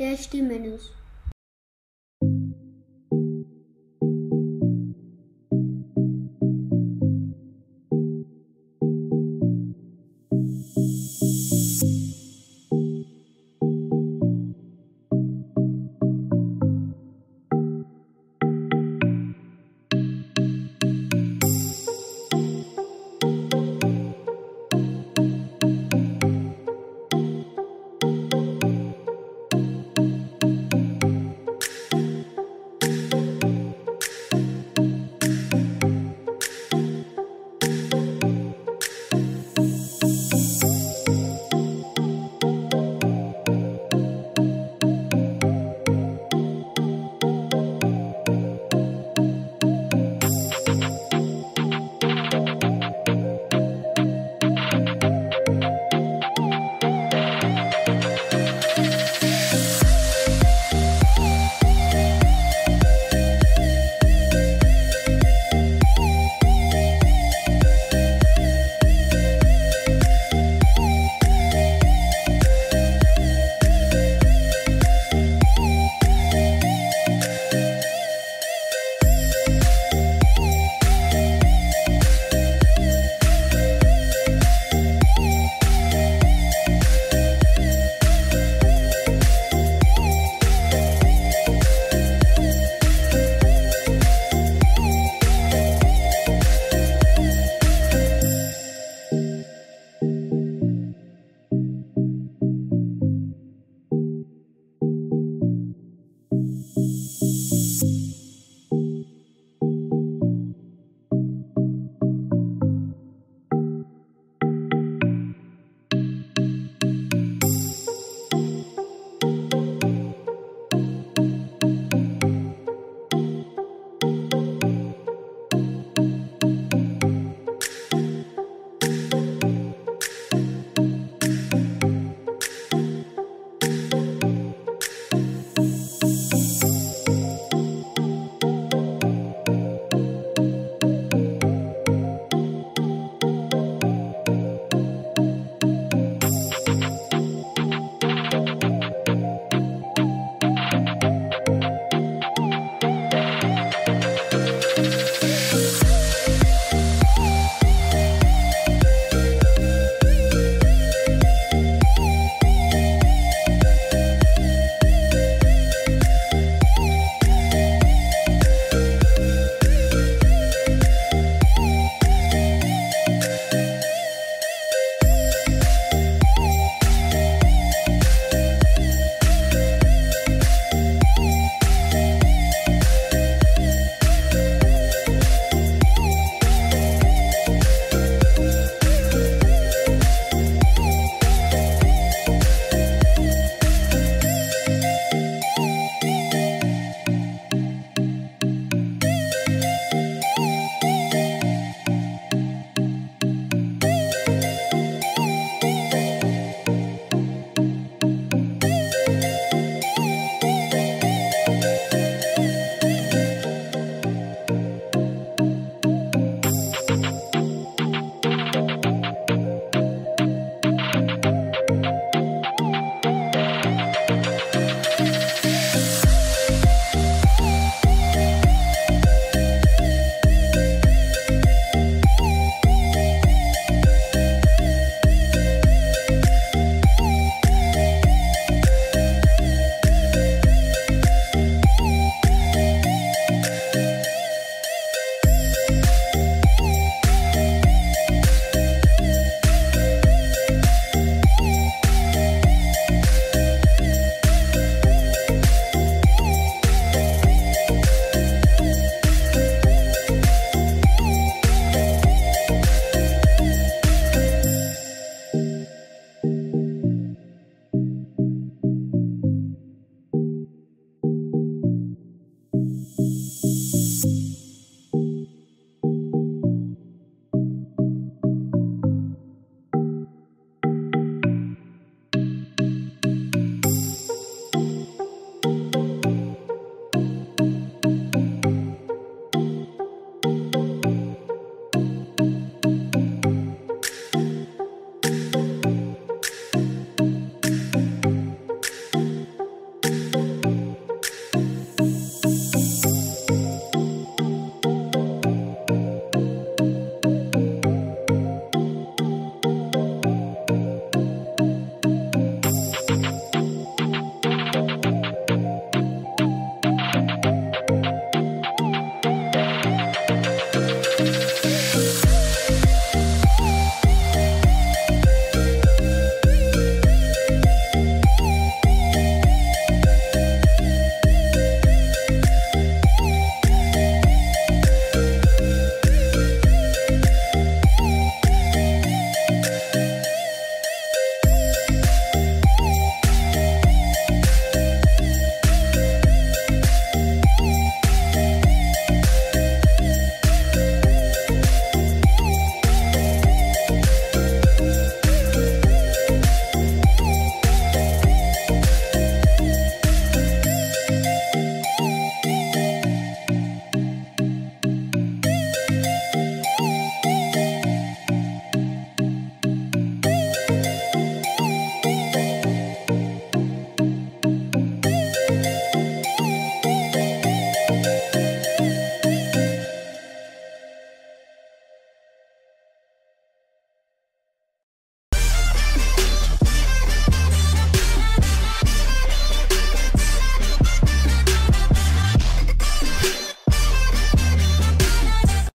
tasty menus